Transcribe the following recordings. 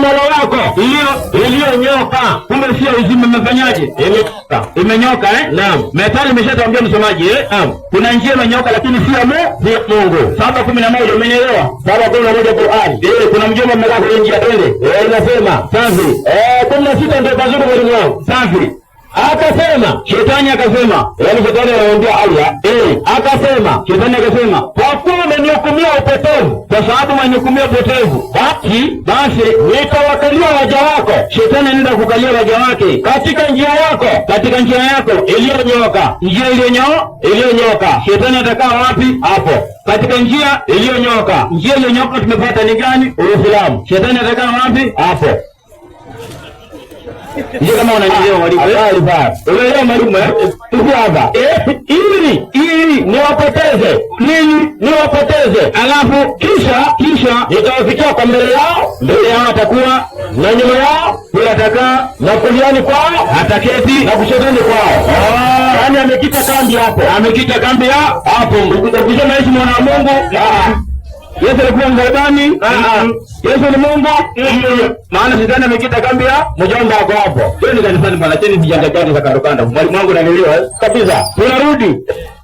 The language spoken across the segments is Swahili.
maandamano yako iliyonyoka, kumbe sio uzima. Mmefanyaje? Imenyoka imenyoka eh? Naam, metali imeshatambia msomaji eh? Naam, kuna njia imenyoka, lakini sio mu si Mungu. saba kumi na moja umeelewa? saba kumi na moja Qur'an eh, kuna mjomba mmelaka kwenye njia, ile eh, inasema safi eh, kumi na sita ndio pazuri mwalimu wangu safi Akasema shetani akasema, yaani shetani anaongea Allah eh, akasema shetani akasema, kwa kuwa umenihukumia upotevu, kwa sababu umenihukumia upotevu, basi basi nitawakalia waja wako. Shetani anaenda kukalia waja wake katika njia yako, katika njia yako iliyonyoka, njia iliyonyo iliyonyoka. Shetani atakaa wapi? Hapo katika njia iliyonyoka. Njia iliyonyoka tumepata ni gani? Uislamu. Shetani atakaa wapi? Hapo. Ndio kama unanielewa mwalimu. Habari baba. Unaelewa mwalimu eh? Tuko hapa. Eh, Ili ili niwapoteze. Ninyi niwapoteze. Alafu kisha kisha nitawafikia kwa mbele yao, mbele yao atakuwa na nyuma yao bila atakaa na kuliani kwao ataketi na kushotani kwao. Ah, yani amekita kambi hapo. Amekita kambi hapo. Ndugu zangu, maisha mwana wa Mungu. Ah. Yesu alikuwa msalabani? Ah, ah. Yesu ni Mungu? Mm-hmm. Maana shetani amekita kambi ya mjomba wako hapo. Yule ni kanisani bwana, tena vijanja gani za kando kando. Mwalimu wangu ananielewa eh? kabisa. Tunarudi.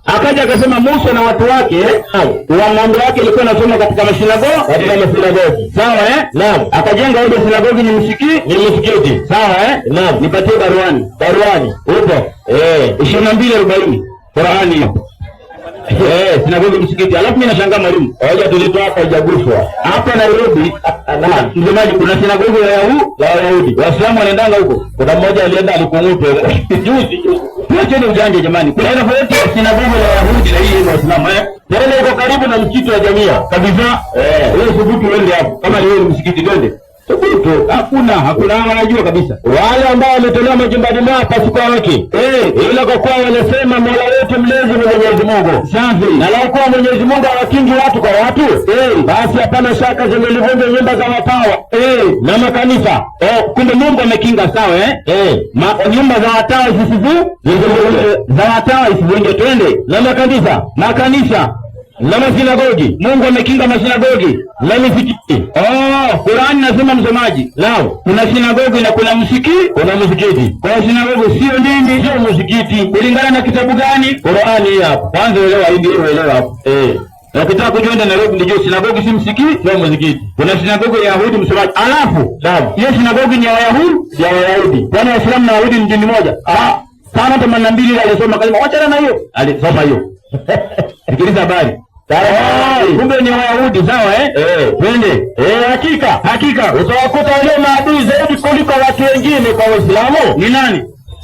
Akaja akasema Musa na watu wake wa mambo yake ilikuwa inasoma katika masinagogi katika masinagogi. Sawa eh? Naam. Akajenga ile sinagogi ni msikiti, ni msikiti. Sawa eh? Naam. Nipatie baruani. Baruani. Upo? Eh, 22:40. Qur'ani hiyo. Eh, na bado msikiti. Alafu mimi nashangaa mwalimu. Hoja tulitoa hapa haijaguswa. Hapa Nairobi na msemaji kuna sinagogi ya Yahu, ya Yahudi. Waislamu wanaendanga huko. Kuna mmoja alienda alikung'uta huko. Juzi. Tuache ni ujanja jamani. Kuna aina yote ya sinagogi ya Yahudi na hii ya Waislamu eh. Tena iko karibu na msikiti wa Jamia. Kabisa. Eh, wewe subutu uende hapo. Kama ni wewe msikiti twende. Thubutu hakuna, hakuna, wanajua kabisa wale ambao wametolewa majumbani mwao pasuko haki, eh. ila kwa kuwa wanasema Mola wetu mlezi ni Mwenyezi Mungu. Safi. Na la kuwa Mwenyezi Mungu hawakingi watu kwa watu, eh. basi hapana shaka zimelivunja nyumba za watawa eh. na makanisa. Oh, kumbe Mungu amekinga, sawa eh? Nyumba za watawa zisivunjwe, za watawa isivunjwe, twende na makanisa, makanisa la masinagogi. Mungu amekinga masinagogi la misikiti. Oh, Qur'ani nasema msomaji, lao kuna sinagogi na kuna msikiti, kuna msikiti. Kwa sinagogi sio dini, sio msikiti. Kulingana na kitabu gani? Qur'ani hii hapa. Kwanza elewa hii, ndio elewa hapo. Eh. Ukitaka kujienda Nairobi ndio sinagogi si msikiti, sio msikiti. Kuna sinagogi ya Yahudi msomaji. Alafu, dawa. Hiyo sinagogi ni ya Wayahudi, ya Wayahudi. Yaani Waislamu na Wayahudi ni dini moja. Ah, sana 82 ile alisoma kalima. Wacha na hiyo. Alisoma hiyo. Sikiliza eh, habari. Kumbe ni Wayahudi sawa eh? Eh, twende. Eh, hakika. Hakika. Utawakuta walio maadui zaidi kuliko watu wengine kwa Uislamu. Ni nani?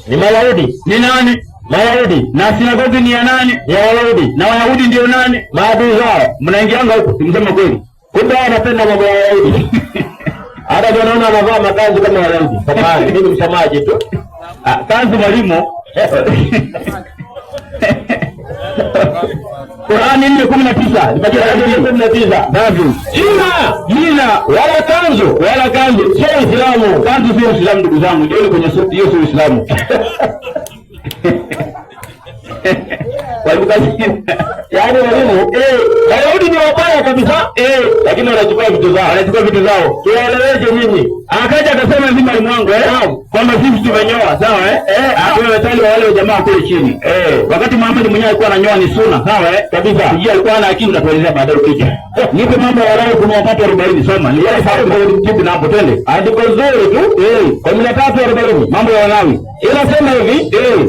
Ni Wayahudi. Ni nani? Wayahudi. Na sinagogi ni ya nani? Ya Wayahudi. Na Wayahudi ndio nani? Maadui zao. Mnaingianga huko, simsema kweli. Kumbe hao wanapenda mambo ya Wayahudi. Hata ndio naona anavaa makazi kama Wayahudi. Samahani, mimi ni msamaji tu. Ah, kanzu mwalimu. Qurani nne kumi na tisa kumi na tisa jina wala kanzu wala kanzu sio Uislamu. Kanzu sio Uislamu, ndugu zangu, jioni kwenye hiyo sio Uislamu. Yaani walimu eh Wayahudi ni wabaya kabisa eh, lakini wanachukua vitu zao, wanachukua vitu zao. Tueleweshe nini? Akaja akasema hivi mali mwangu eh, kwamba sisi tumenyoa, sawa eh, eh, hapo wetali wale jamaa kule chini eh, wakati Muhammad mwenyewe alikuwa ananyoa ni suna sawa eh, kabisa. Sijui alikuwa ana akili, utatuelezea baadaye ukija. Eh. Nipe mambo ya leo, kuna wakati 40 soma. Ni yale sababu ndio kitu na hapo twende. Andiko zuri tu eh, kwa 13 40 mambo ya wanawi, ila sema hivi eh,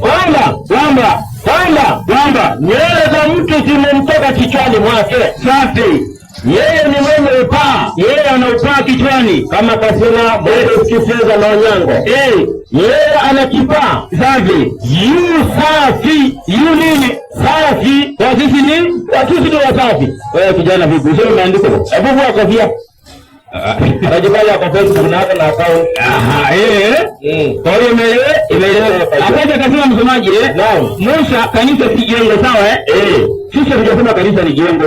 kwamba kwamba kwamba kwamba nywele za mtu zimemtoka kichwani mwake. Safi. Yeye ni mwenye upaa, yeye ana upaa kichwani, kama kasema kifeza na Onyango. Eh, yeye ana kipaa safi, yu safi, yu nini safi. Kwa sisi ni kwa sisi ni wasafi. Wewe kijana, vipi useme maandiko, hebu vua kofia Kasema msomaji, Musa kanisa si jengo sawa eh? eh. Sisi tunasema kanisa ni jengo.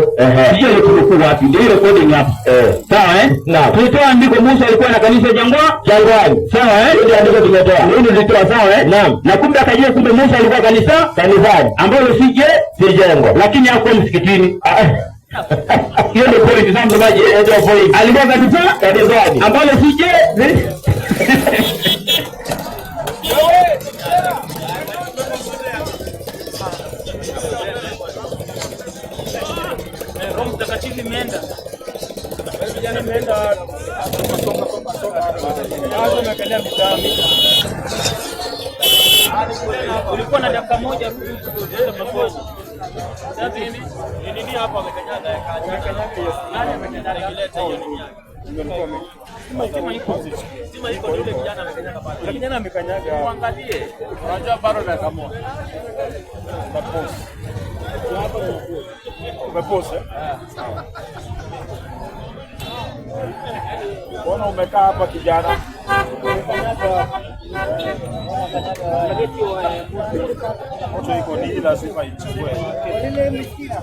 Sisi ni kunukuu wapi? Ndio ile coding hapa. Eh. Sawa eh? Na tulitoa andiko Musa alikuwa na kanisa jangwa, jangwani. Sawa eh? Ndio andiko tumetoa. Ndio tulitoa sawa eh? Naam. Na kumbe akajua kumbe Musa alikuwa kanisa, kanisani ambalo sije si jengo. Lakini hakuwa msikitini. Ah, eh hiyo ni point sana mtazamaji, ndio point alikuwa katika kadozaji ambalo sije Roho Mtakatifu imeenda vijana, imeenda mekelea mitaa ulikuwa na dakika moja tu kijana amekanyaga, umekaa hapa kijana moto iko dini lazima ichukue. Ile msikiti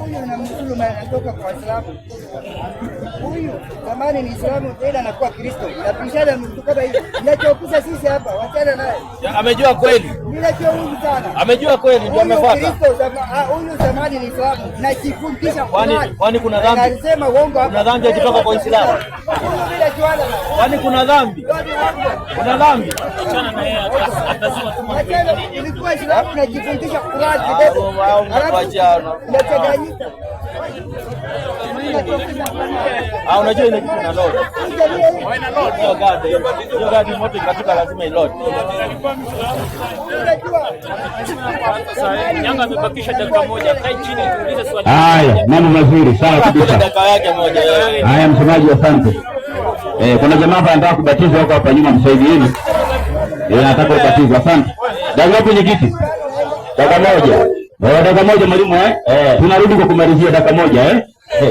huyu na msuluma anatoka kwa Waislamu huyu zamani ni Islamu tena anakuwa Kristo, napishana kama hivi. Ninachokuza sisi hapa, wachana naye. Amejua kweli, ninachohuzu sana, amejua kweli, ndio amefuata. Kristo Huyu zamani ni Islamu nachifundisha, kwani kwani kuna dhambi? Anasema uongo, hapa. kuna dhambi akitoka kwa Uislamu? Kwani kuna dhambi? Kuna dhambi? Achana naye, atazima tu mambo. Nilikuwa Islamu najifundisha Qur'an kidogo, alafu nachanganyika Ah, unajua ile kitu na load. Ina load. Hiyo gari. Hiyo gari moto ikatoka lazima iload. Yanga amebakisha dakika moja. Kae chini tuulize swali. Haya, mambo mazuri. Sawa kabisa. Dakika yake moja. Haya, msemaji asante. Eh, kuna jamaa hapa anataka kubatizwa huko hapa nyuma msaidieni. Eh, anataka kubatizwa. Asante. Dakika mwenyekiti. Dakika moja. Oh, dakika moja mwalimu eh? eh? Tunarudi kwa kumalizia dakika moja eh?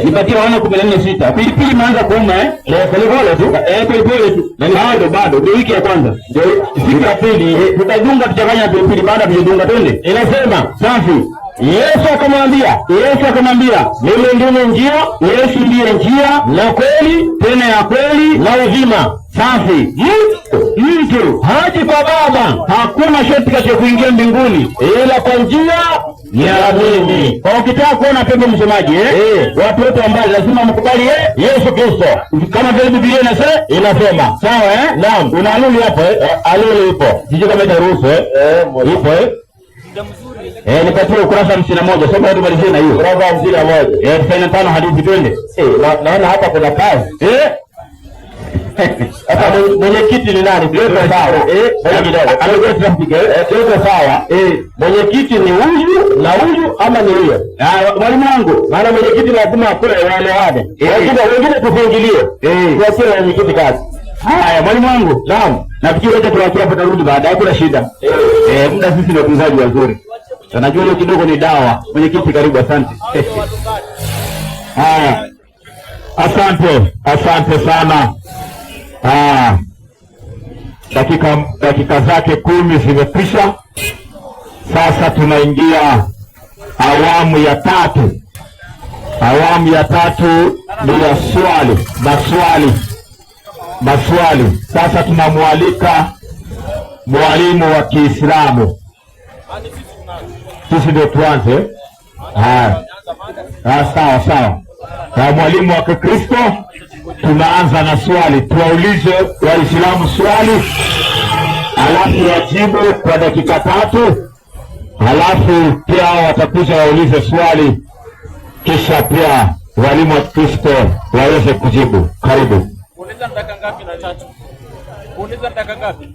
nipatie wana kumi na nne sita. Pilipili imeanza kuuma eh? Leo eh, polepole tu. Eh, polepole tu. Na yaani bado bado ndio wiki ya kwanza. Ndio siku ya pili eh, tutadunga tutafanya pilipili baada ya kudunga twende. Inasema safi. Yesu akamwambia, Yesu akamwambia, mimi ndimi njia, Yesu ndiye njia na kweli tena ya kweli na uzima safi. Mtu mtu haji kwa Baba, hakuna sharti katika kuingia mbinguni ila kwa njia ya mimi. Kwa ukitaka kuona pepo msomaji, eh? Eh, watu wote ambao lazima mkubali eh, Yesu Kristo kama vile Biblia inasema inasema, sawa eh? Naam, una aluli hapo eh? eh aluli ipo, sije kama itaruhusu eh? ipo eh, eh? Eh, nipatie ukurasa hamsini na moja. Soma hadi malizie na hiyo. Ukurasa hamsini na moja. Eh, tisini tano hadithi twende. Eh, naona hapa kuna kazi. Eh? Sasa mwenyekiti ni nani? Sawa, mwenyekiti ni huyu na huyu ama ni huyo? Ah, mwalimu wangu, maana mwenyekiti lazima waelewane, eh, eh. wengine tusingilie, tuachie eh. mwenyekiti kazi. Haya, mwalimu wangu, naam, nafikiri wote tuwakia hapa, tarudi baadaye, kuna shida muda. Sisi ni watunzaji wazuri, tunajua hiyo kidogo ni dawa. Mwenyekiti karibu, asante. Haya, asante, asante sana. Ah, dakika dakika zake kumi zimekwisha. Sasa tunaingia awamu ya tatu. Awamu ya tatu ni ya swali maswali maswali. Sasa tunamwalika mwalimu wa Kiislamu, sisi ndio tuanze. Haya, ah, sawa sawa, ah, mwalimu wa Kikristo tunaanza na swali, tuwaulize Waislamu swali halafu wajibu kwa dakika tatu, halafu pia watakuja waulize swali, kisha pia walimu wa Kristo waweze kujibu. Karibu. Kuuliza dakika ngapi na tatu? dakika ngapi?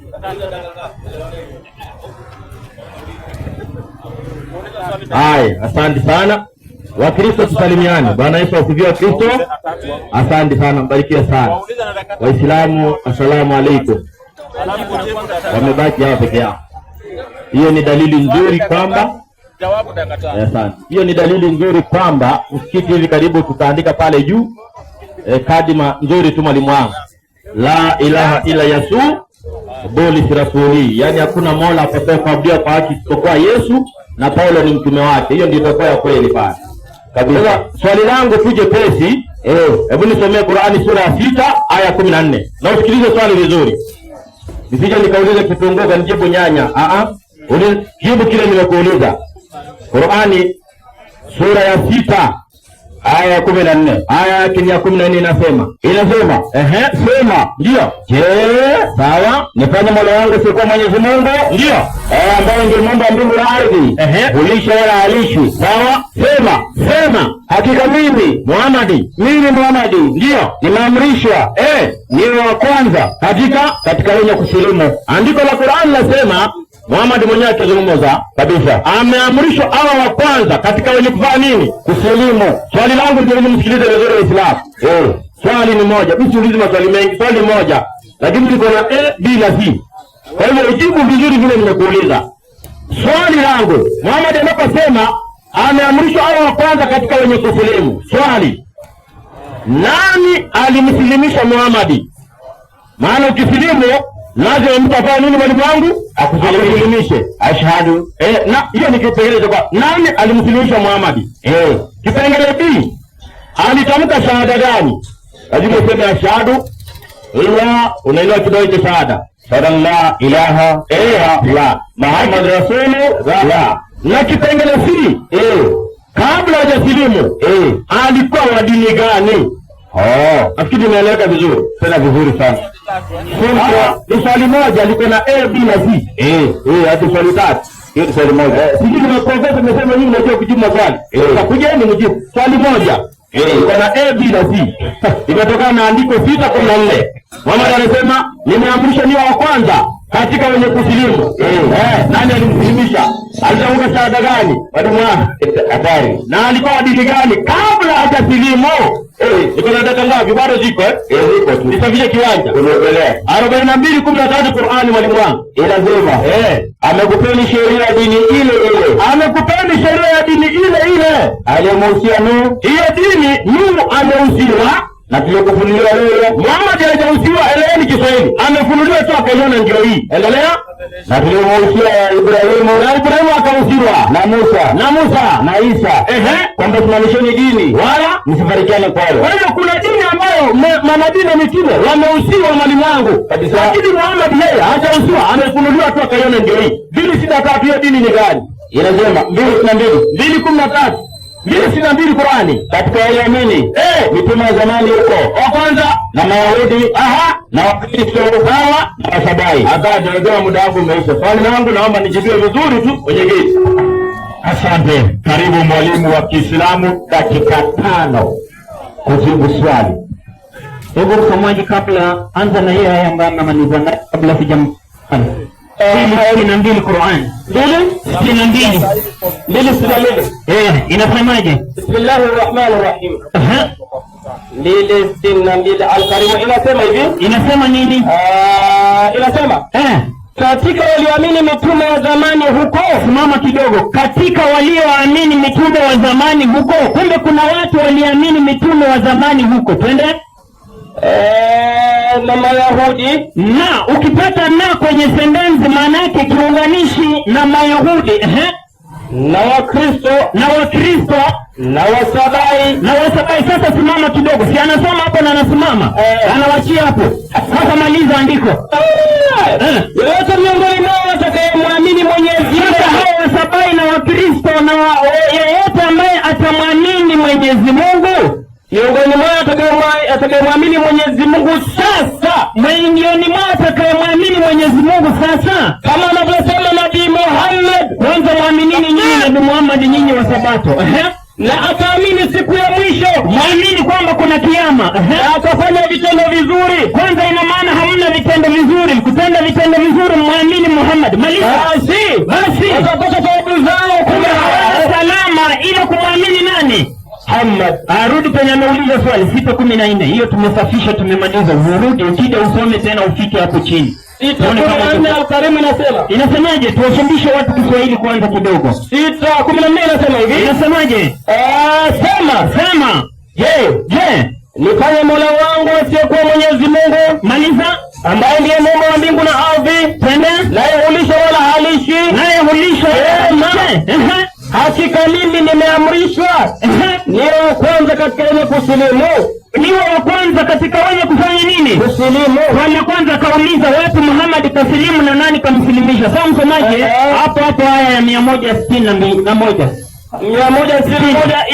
asante sana. Wakristo tusalimiane. Bwana Yesu asifiwe. Kristo, asante sana, mbarikiwe sana. Waislamu, asalamu alaykum. Wamebaki hawa peke yao. Hiyo ni dalili nzuri kwamba asante. Hiyo ni dalili nzuri kwamba msikiti hivi karibu tutaandika pale juu e, kadima nzuri tu mwalimu wangu, la ilaha ila yasu boli sirasuli, yaani hakuna mola apasao kuabudiwa kwa haki isipokuwa Yesu na Paulo ni mtume wake. Hiyo ndio itakuwa ya kweli pale. Kabisa. Swali langu tu jepesi, eh. hebu nisomee Qur'ani sura ya sita aya kumi na nne na usikilize swali vizuri, nisije nikaulize kitongoka nijibu nyanya. Aa, jibu kile nimekuuliza. Qur'ani sura ya sita aya ya kumi na nne aya kini ya kumi na nne inasema inasema ehe, sema ndiyo. Je, sawa, nifanye mola wangu sikuwa Mwenyezi Mungu? Ndiyo, ambaye ngelimumba mbingu na ardhi, ulisha wala alishi Sawa, sema sema, hakika mimi Muhamadi, mimi Muhamadi ndiyo nimeamrishwa, eh, niwe wa kwanza katika katika wenye kusilimu. Andiko la Qur'an nasema Muhammad mwenyewe akizungumza kabisa, ameamrishwa awa wa kwanza katika wenye kufanya nini? Kusilimu. Swali langu ndio msikilize vizuri Waislamu. Eh, swali ni moja, msiulize maswali mengi, swali moja, lakini tuko na A, B na C. Kwa hiyo ujibu vizuri vile nimekuuliza. Swali langu, Muhammad anaposema ameamrishwa awa wa kwanza katika wenye kusilimu, swali, nani alimsilimisha Muhammad? Maana ukisilimu lazima mtu afanye nini mwalimu wangu? Akusilimishe. Ashhadu. Eh, na hiyo ni kipengele kwa nani alimsilimisha Muhammad? Eh, kipengele B. Alitamka shahada gani? Lazima eh. useme ashhadu. Ila unaelewa kidole cha shahada. Shahada la ilaha illa Muhammad rasulullah. Na kipengele C. Eh, kabla hajasilimu, eh, alikuwa wa dini gani? Oh, nafikiri imeeleweka vizuri. Tena vizuri sana ni swali moja liko na A, B na C. Eh, eh, hadi swali tatu. Hiyo swali moja. Eh, Sisi tuna profesa tumesema nyinyi mnajua kujibu maswali. Tutakuja eh. ni mjibu. Swali moja. Eh. Iko na A, B na C. Imetokana na andiko 6:14. Muhammad anasema nimeamrishwa niwe wa kwanza katika wenye kusilimu eh. Eh, nani alimsilimisha? Alitanguka shahada gani? Eh, hatari. Na alikuwa dini gani kabla hajasilimu? Niko na data ngapi? Bado ziko eh? Ziko. Nisafishe kiwanja. arobaini na mbili kumi na tatu Qur'ani, mwalimu wangu inasema amekupeni sheria ya dini ile ile, amekupeni sheria ya dini ile ile aliyemuhusia Nuhu. Hiyo dini Nuhu amehusiwa na tuliokufunuliwa leo. Mama aliyechaguliwa, eleweni Kiswahili, amefunuliwa tu akaiona, ndio hii. Endelea. Na tuliomuhusia Ibrahimu, na Ibrahimu akahusiwa na Musa, na Musa na Isa, ehe, kwamba simamisheni dini wala msifarikiane kwalo. Kwa hiyo kuna dini ambayo manabii na mitume wamehusiwa, mwalimu wangu kabisa, lakini Muhammad yeye hajahusiwa, amefunuliwa tu akaiona, ndio hii. Mbili sita tatu, hiyo dini ni gani? Inasema mbili kumi na mbili mbili kumi na tatu mia sitini na mbili Qurani katika yamini eh, mitume wa zamani huko wa kwanza na Mayahudi aha na Wakristo sawa na Wasabai. Akaja muda wangu umeisha, swali langu naomba nijibiwe vizuri tu kwenye geti. Asante. Karibu mwalimu wa Kiislamu, dakika tano kujibu swali. Ndugu msomaji, kabla anza na hiyo ambayo amemaliza nayo kabla sijam Eh, inasemaje? sitini na mbili inasema hivi, inasema nini? Ah, inasema eh. katika walioamini mitume wa zamani huko. Simama kidogo, katika walioamini mitume wa zamani huko. Kumbe kuna watu waliamini mitume wa zamani huko, twende eh na Mayahudi. Na ukipata na kwenye sentensi, maana yake kiunganishi na Mayahudi ehe na Wakristo na Wakristo na Wasabai na Wasabai. Sasa simama kidogo, si anasoma hapo na anasimama eh, anawachia hapo. Sasa maliza andiko eh. yoyote miongoni mwao atakayemwamini Mwenyezi. Sasa hao Wasabai na Wakristo na eh, yeyote ambaye atamwamini Mwenyezi Mungu miongoni mwao atakayemwamini Mwenyezi Mungu sasa, miongoni mwao atakayemwamini Mwenyezi Mungu sasa, kama anavyosema Nabii Muhammad, kwanza mwaminini nyinyi Nabii Muhammad, nyinyi wa Sabato na ataamini siku ya mwisho, mwamini kwamba kuna kiama atafanya vitendo vizuri. Kwanza ina maana hamna vitendo vizuri, mkutenda vitendo vizuri, mwamini Muhammad, maliza basi, basi atapata taabu zao, kuna salama, ila kumwamini nani? Muhammad arudi penye ameuliza swali sita kumi na nne hiyo tumesafisha tumemaliza urudi ukija usome tena ufike hapo chini Alkarimu inasema inasemaje? Tuwafundishe watu Kiswahili kwanza kidogo. Sita kumi na nne inasema hivi, inasemaje? Eh, sema sema, je je, nifanye mola wangu asiyekuwa Mwenyezi Mungu, maliza, ambaye ndiye Mungu wa mbingu na ardhi, tende, naye hulisha wala halishi, naye hulisha Hakika mimi nimeamrishwa niwe wa kwanza katika wenye kusilimu, niwe wa kwanza katika wenye kufanya nini? Kusilimu. Wale kwanza kauliza wapi Muhammad kasilimu na nani kamsilimisha? Sasa msomaje hapo hapo aya ya mia moja sitini na moja mia moja sitini na moja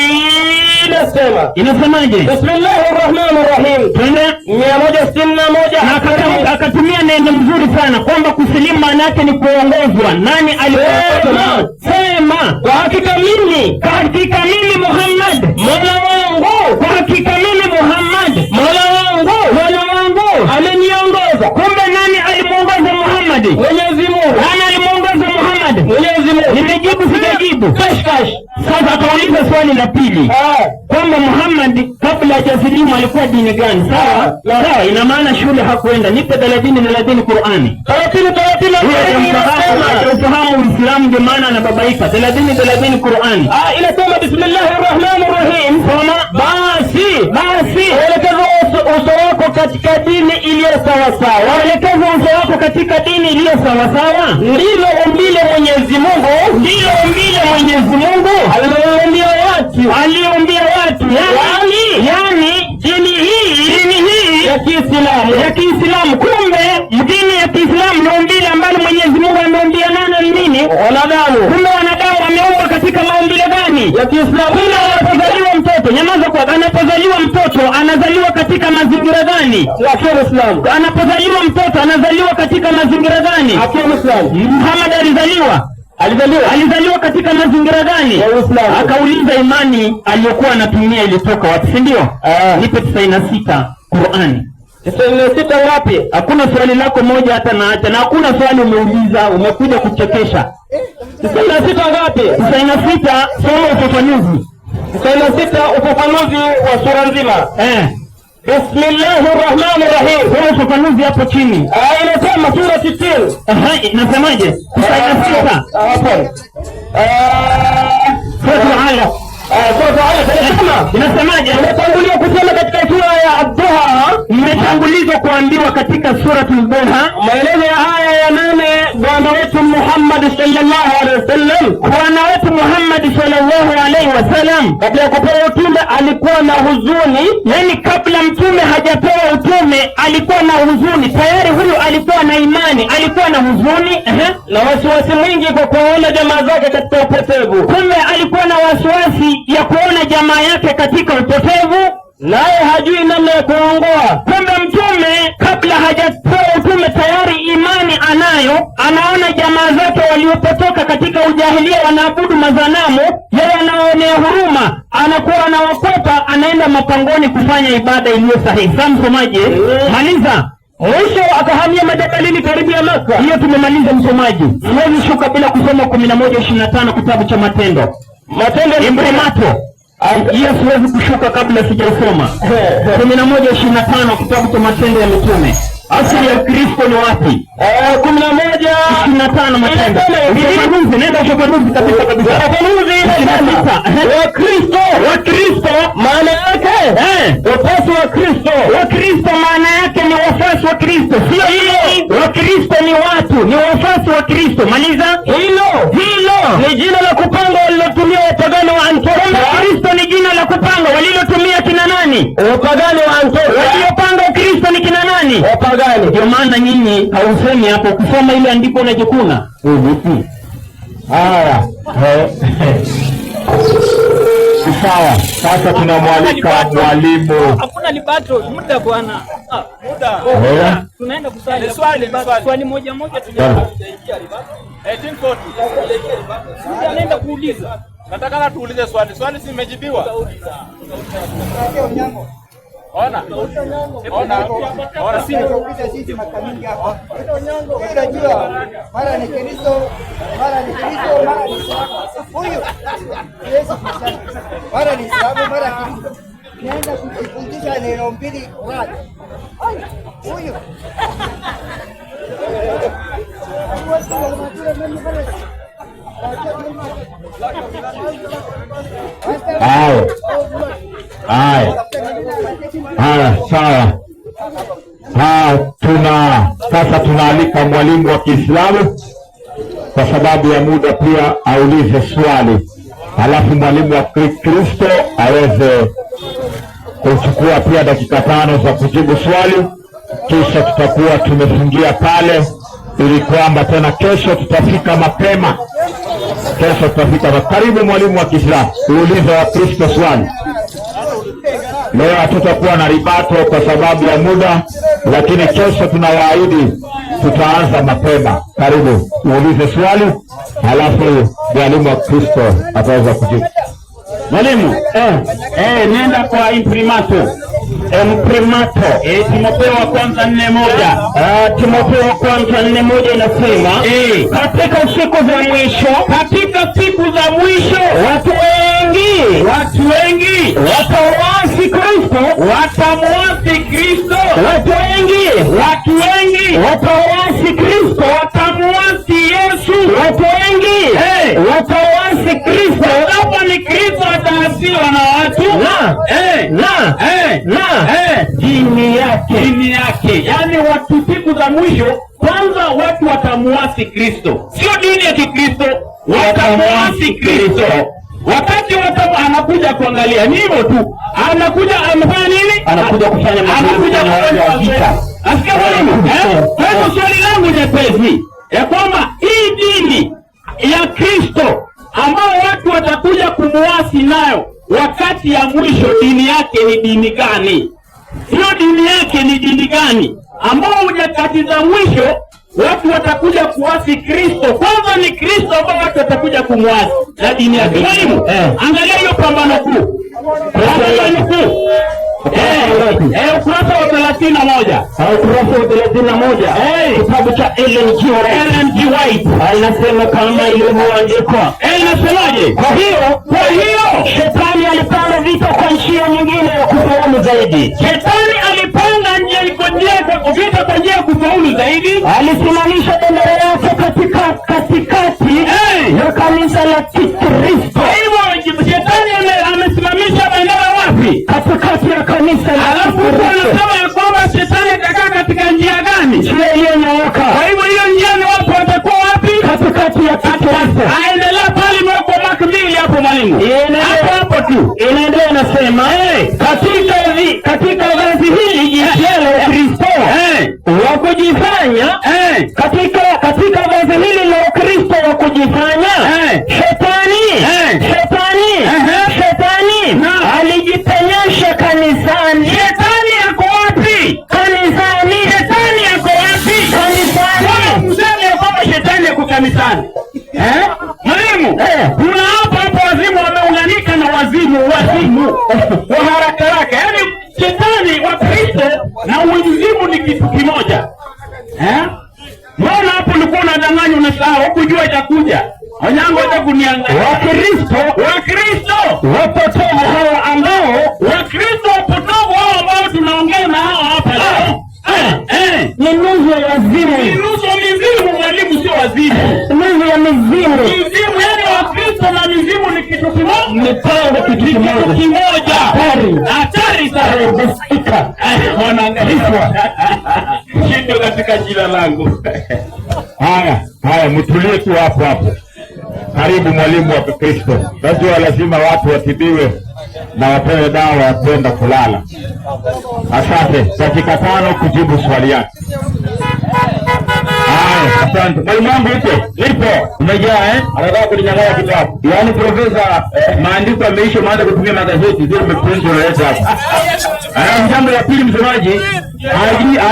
inasema inasemaje? Bismillahir Rahmanir Rahim, mia moja sitini na moja unatumia neno mzuri sana kwamba kusilimu maana yake ni kuongozwa. Nani aliposema? Sema kwa hakika mimi, kwa hakika mimi Muhammad mola wangu, kwa hakika mimi Muhammad mola wangu, mola wangu ameniongoza. Kumbe nani alimwongoza Muhammad? jibu fresh cash. Sasa kauliza swali la pili eh. kwamba Muhammad kabla ya jazilimu alikuwa dini gani? Eh. Sawa sawa, ina maana shule hakuenda. Nipe thelathini thelathini Qurani ufahamu Uislamu ndio maana anababaika. thelathini thelathini Qurani ah, inasema bismillahi rahmani rahim, soma basi basi katika dini iliyo sawasawa, waelekeze uso wako katika dini iliyo sawasawa. Ndilo umbile Mwenyezi Mungu, ndilo umbile Mwenyezi Mungu aliwaumbia watu, aliumbia watu yani, yani dini hii, dini hii ya Kiislamu, ya Kiislamu. Kumbe dini ya Kiislamu ni umbile ambalo Mwenyezi Mungu ameumbia nana nini wanadamu. Kumbe wanadamu wameumbwa katika maumbile gani ya Kiislamu? wanapozaliwa mtoto, nyamaza kwa. Anapozaliwa mtoto anazaliwa katika mazingira gani? Anapozaliwa mtoto anazaliwa katika mazingira gani? Muhammad alizaliwa Alizaliwa. Alizaliwa katika mazingira gani? Akauliza imani aliyokuwa anatumia ilitoka wapi, si ndio? Ah. Nipe tisaini na sita Qur'ani. Tisaini na sita ngapi? Hakuna swali lako moja hata na hata, na hakuna swali umeuliza, umekuja kuchekesha. Tisaini na sita ngapi? Tisaini na sita soma ufafanuzi Sura sita ufafanuzi wa sura nzima. Eh. Bismillahir Rahmanir Rahim. Kuna ufafanuzi hapo chini. Ah, inasema sura 60. Aha, inasemaje? Sura 6. Hapo. Ah, sura Inasemaje? Mmetangulia kusema katika sura ya Adh-Dhuha, mmetangulizwa kuambiwa katika suratul Dhuha, maelezo ya aya ya nane, bwana wetu Muhammad sallallahu alaihi wasallam, bwana wetu Muhammad sallallahu alaihi wasallam kabla ya kupewa utume alikuwa na huzuni, yaani kabla mtume hajapewa utume alikuwa na huzuni tayari. Huyu alikuwa na imani, alikuwa na huzuni na wasiwasi mwingi kwa kuwaona jamaa zake katika upotevu. Kumbe alikuwa na wasiwasi ya kuona jamaa yake katika upotevu, naye hajui namna ya kuongoa Kumbe mtume kabla hajapewa utume tayari imani anayo, anaona jamaa zake waliopotoka katika ujahilia wanaabudu mazanamu, yeye anaonea huruma, anakuwa anawakopa, anaenda mapangoni kufanya ibada iliyo sahihi. Sasa msomaji, maliza Mwisho akahamia madakalini karibu ya Maka. Hiyo tumemaliza msomaji. Siwezi shuka bila kusoma kumi na moja ishirini na tano kitabu cha Matendo. Matendo Imprimatur ah, Yesu siwezi kushuka kabla sijasoma. kumi na moja ishirini na tano kitabu cha Matendo ya Mitume. Asili ya Kristo ni wapi? Eh, kumi na moja ishirini na tano Matendo. nenda ufafanuzi kabisa kabisa. Ufafanuzi Wakristo, Wakristo maana yake eh. wafuasi wa Kristo. Wakristo maana yake ni wafuasi wa Kristo, sio hilo. Wakristo ni watu, ni wafuasi wa Kristo. Maliza hilo. Hilo ni jina la kupanga walilotumia wapagano wa Antiokia. Kristo ni jina la kupanga walilotumia kina nani? Wapagano wa Antiokia. Waliopanga Kristo ni kina nani? gani? Ndio maana nyinyi hausemi hapo, kusoma ile andiko unajikuna vipi? Haya, sawa. Sasa tunamwalika mwalimu. Hakuna libato, muda bwana, ah, muda tunaenda kusali swali, swali moja moja tunaingia libato. 1840 eh, tunaenda kuuliza, nataka tuulize swali, swali si imejibiwa Ona. Ona. Ona sisi tunauliza sisi makamingi hapa. Unajua mara ni Kristo, mara ni Kristo, mara ni huyu. Yesu Kristo. Mara ni sababu mara Kristo. Naenda kujifundisha neno mbili wapi? Huyu. Haya. Haya. Sawa. Ah, tuna sasa tunaalika mwalimu wa Kiislamu kwa sababu ya muda, pia aulize swali, alafu mwalimu wa Kristo aweze kuchukua pia dakika tano za kujibu swali, kisha tutakuwa tumefungia pale, ili kwamba tena kesho tutafika mapema. Kesho tutafika. Karibu mwalimu wa Kiislamu, uulize wa Kristo swali. Leo hatutakuwa na ribato kwa sababu ya muda, lakini kesho tunawaahidi tutaanza mapema. Karibu uulize swali, halafu mwalimu wa Kristo ataweza kujibu. Mwalimu eh, eh, nenda kwa imprimato Mprimato e, eh, Timotheo wa kwanza nne moja ah, Timotheo wa kwanza nne moja inasema e, katika siku za mwisho, katika siku za mwisho watu wengi watu wengi watawasi Kristo, watamwasi Kristo, watu wengi watu wengi watawasi Kristo, watamwasi Yesu, watu wengi watawasi Kristo. Kama ni Kristo ataasiwa na watu na na na dini yake, dini yake, yani watu siku za mwisho kwanza watu watamwasi Kristo, sio dini ya Kikristo, watamuasi Kristo. Wakati watoto anakuja kuangalia, ni hivyo tu, anakuja amefanya nini? Anakuja kufanya mazoezi. Eh, swali langu jepesi ya kwamba hii dini ya Kristo ambayo watu watakuja kumuasi nayo wakati ya mwisho, dini yake ni dini gani? Hiyo dini yake ni dini gani ambao nyakati za mwisho watu watakuja kuasi Kristo. Kwanza ni Kristo ambao watu watakuja kumwasi na dini ya Kristo. Eh. angalia hiyo pambano kuu, eh. Eh, ukurasa wa thelathini na moja ukurasa wa thelathini na moja kitabu cha Ellen G White kama ilivyoandikwa, inasemaje? Kwa hiyo kwa hiyo shetani alipanga vita kwa njia nyingine ya kufaulu zaidi. Shetani alipanga njia njia iko vita kwa njia ya kufaulu zaidi. Alisimamisha bendera yake katika katikati ya kanisa la Kikristo. hivyo shetani amesimamisha bendera wapi? Katikati ya kanisa la Kikristo. Alafu anasema ya kwamba shetani atakaa katika njia gani? Njia iliyonyooka. Kwa hivyo hiyo njia ni wapi? Atakuwa wapi? Katikati ya Kikristo. Aendelea pale mwaka mwaka mbili hapo mwalimu. Hapo hapo tu. Inaendelea inasema katika katika vazi hili kujifanya eh, katika katika vazi hili la Ukristo wa kujifanya eh, shetani eh, shetani eh, shetani alijipenyesha kanisani. Shetani yako wapi? Kanisani. Shetani yako wapi? Kanisani. Mseme ya kwamba shetani yako kanisani eh, mwalimu eh, kuna hapa hapo wazimu wameunganika na wazimu wazimu wa haraka haraka, yaani shetani wa Kristo na uzimu ni kitu kimoja. Sawa, shindo katika jina langu. Haya haya, mtulie tu hapo hapo. Karibu mwalimu wa Kristo. Najua lazima watu watibiwe na wapewe dawa ya kwenda kulala. Asante. Dakika tano kujibu swali yake. Haya, asante. Mwalimu wangu ipo? Ipo. Umejaa eh? Anataka kulinyang'anya kitabu. Yaani profesa eh, maandiko yameisha maanza kutumia magazeti ndio mmepunzo na hapa. Alafu jambo la pili msomaji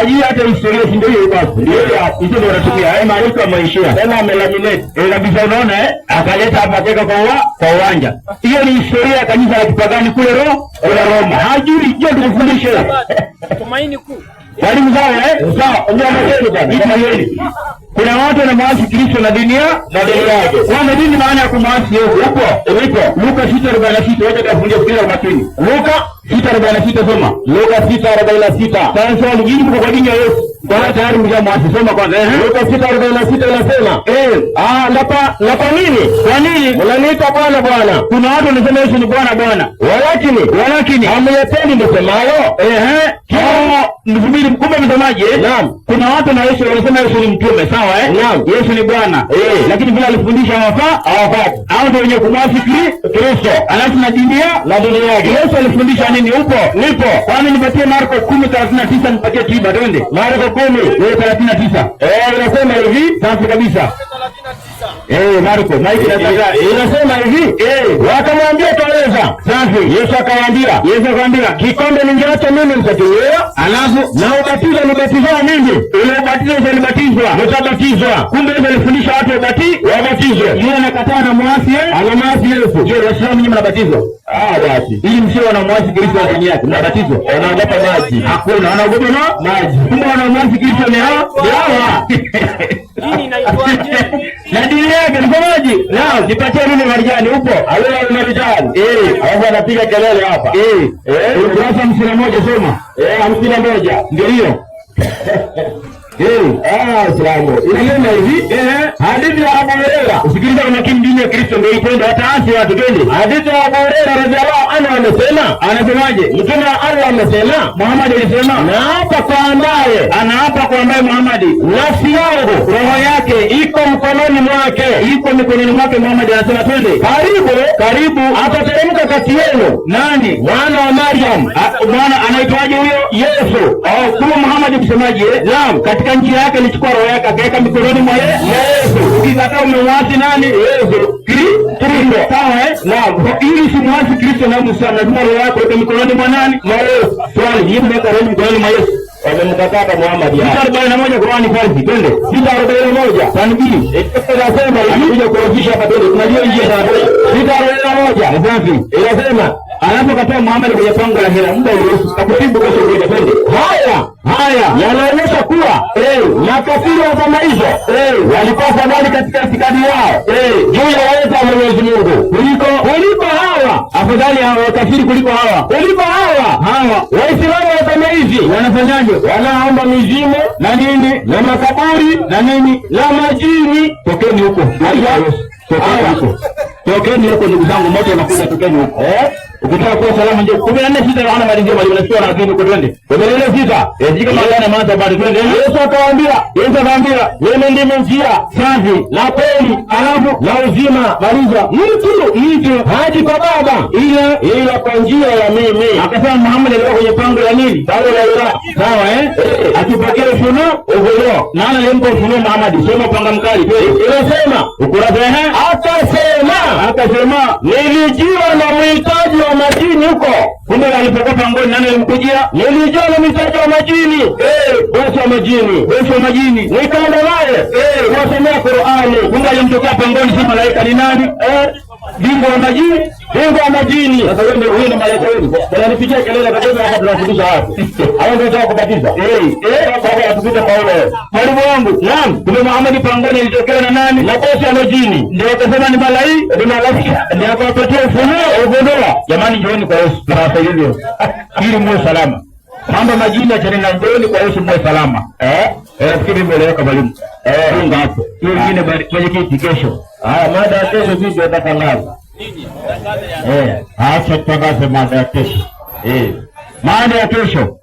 Ajii hata historia si ndio hiyo basi. Ndio hizo ndio wanatumia. Haya eh, maarifa ya Tena amelaminate. Eh, kabisa unaona eh? Akaleta hapa keka kwa uwa, kwa uwanja. Hiyo ni historia ya kanisa la kipagani kule ro, kule Roma. Hajui je tukufundishe. Tumaini kuu. Mwalimu sawa eh? Sawa. Unajua matendo sana. Kama yeye. Kuna watu wanamwasi Kristo na dini ya na dini yake. Wana nini maana ya kumwasi Yesu? Huko, ulipo. Luka 6:46 wacha tafundie kila makini. Luka sita arobaini na sita soma Luka sita arobaini na sita Kansali hii mko kwa dini ya Yesu. Kwa tayari mjamwasi soma kwanza eh. Luka sita arobaini na sita inasema eh, ah napa na kwa nini? Kwa nini unaniita Bwana Bwana? Kuna watu wanasema Yesu ni Bwana Bwana. Walakini walakini hamyapendi msemayo eh eh. Msubiri kumbe msemaji eh. Naam. Kuna watu na Yesu wanasema Yesu ni mtume sawa eh. Naam. Yesu ni Bwana. Eh. Lakini vile alifundisha hawafaa hawafaa. Hao ndio wenye kumwasi Kristo. Alafu na dini yao na dini yake. Yesu alifundisha Kwani ni upo? Nipo. Kwani nipatie Marko 10:39 nipatie tiba twende. Marko 10:39. Eh, unasema hivi, safi kabisa. Eh, Marko, Mike nataka. Inasema hivi, eh, wakamwambia toleza. Safi. Yesu akamwambia, Yesu akamwambia, kikombe ningeacha mimi mtakinywa, alafu na ubatizo ni batizo wa mimi. Ile ubatizo ni utanibatizwa, mtabatizwa. Kumbe ile nilifundisha watu wabati, wabatizwe. Yeye anakataa na mwasi yeye. Eh? Ana mwasi Yesu. Je, mimi na batizo? Ah, basi. Ili msio mwasi Kristo ndani yake, Na batizo. Wanaogopa maji. Hakuna, wanaogopa na maji. Kumbe mwasi Kristo ni hao. Dawa. Hii inaitwaje? Ndio yake msemaji, naam, nipatie mimi marijani upo alio marijani eh, alafu anapiga kelele hapa eh, eh. eh. ukurasa 51 soma eh, 51 ndio hiyo Islamu inasema hivi, hadithi ya Abu Huraira, usikiliza kwa makini, dini ya Kristo ndio ipenda wataasi watu, twende. Hadithi ya Abu Huraira radhiallahu anhu amesema, anasemaje? Mtume wa Allah amesema, Muhammad alisema, naapa kwa ambaye, anaapa kwa ambaye Muhammad, nafsi yangu roho yake iko mkononi mwake, iko mikononi mwake. Muhammad anasema twende, karibu karibu atateremka kati yenu nani? Mwana wa Maryam, mwana anaitwaje huyo? Yesu. Kwa oh, Muhammad msemaje? Naam, katika akaweka njia yake, alichukua roho yake akaweka mikononi mwa Yesu. Ukikataa umemwasi nani? Yesu Kristo. Sawa eh? Naam. Ili usimwasi Kristo na Musa, lazima roho yako iweke mikononi mwa nani? Mwa Yesu. Swali, yeye ameweka roho mikononi mwa Yesu. Muhammad arobaini na moja Qur'ani Twende. arobaini na moja eh, hapa twende. Tunajua njia za hapo. arobaini na moja anapokataa Muhammad kwenye pango la muda twende. Haya, haya yanaonyesha kuwa na kafiri wa zama hizo eh. walikuwa mali katika itikadi yao eh. juu ya uwezo wa Mwenyezi Mungu kuliko kuliko hawa, afadhali hawa wakafiri kuliko hawa, kuliko hawa hawa. Waislamu wa zama hizi wanafanyaje? Wanaomba mizimu na nini na makaburi na nini la majini. Tokeni huko, tokeni huko ndugu zangu, moto unakuja, tokeni huko. Eh? Ukitaka kuwa salama nje kumi na nne sita na malizia mwalimu sio na kitu kwende. Wamelele sita. Yajika eh, magana maana bado kwende. Yesu akawaambia, Yesu akawaambia, mimi ndimi njia safi la kweli alafu la uzima. Maliza. Mtu mtu haji kwa baba ila ila kwa njia ya mimi. Akasema Muhammad alikuwa kwenye pango la nini? Pango la ila Sawa eh? eh? Akipokea ufunuo ufunuo. Nani alimpa ufunuo Muhammad? Sema panga mkali. Eh, inasema ukurasa eh? Akasema akasema nilijua na mhitaji wa majini huko, kumbe walipokopa ngoni nani alimkujia? Nilijua mitaji wa majini, bosi eh. wa majini, bosi wa majini, nikaenda naye wasomea eh. Qur'ani, kumbe alimtokea pangoni, si malaika ni nani? Eh. Bingwa wa majini Mungu wa majini. Sasa wewe ndio huyo namba yako wewe. nipigie kelele kwa sababu hapa tunafundisha watu. Hayo ndio tunataka kubatiza. Eh, eh, sababu atupita Paulo. Mwalimu wangu, naam, kuna Muhammad pangani alitokea na nani? Na kosi ya majini. Ndio akasema ni balai, ndio alafia. Ndio akapatia ufunuo ugondoa. Jamani njooni kwa Yesu. Na wasaidizi. Ili muwe salama. Mambo majini ya chini na njooni kwa Yesu muwe salama. Eh? Eh, fikiri yako mwalimu. Eh, ndio hapo. Hiyo nyingine ah. bali kwenye kiti kesho. Haya, mada ya kesho sisi tutatangaza. Eh, acha tutangaze mada ya kesho, eh, mada ya kesho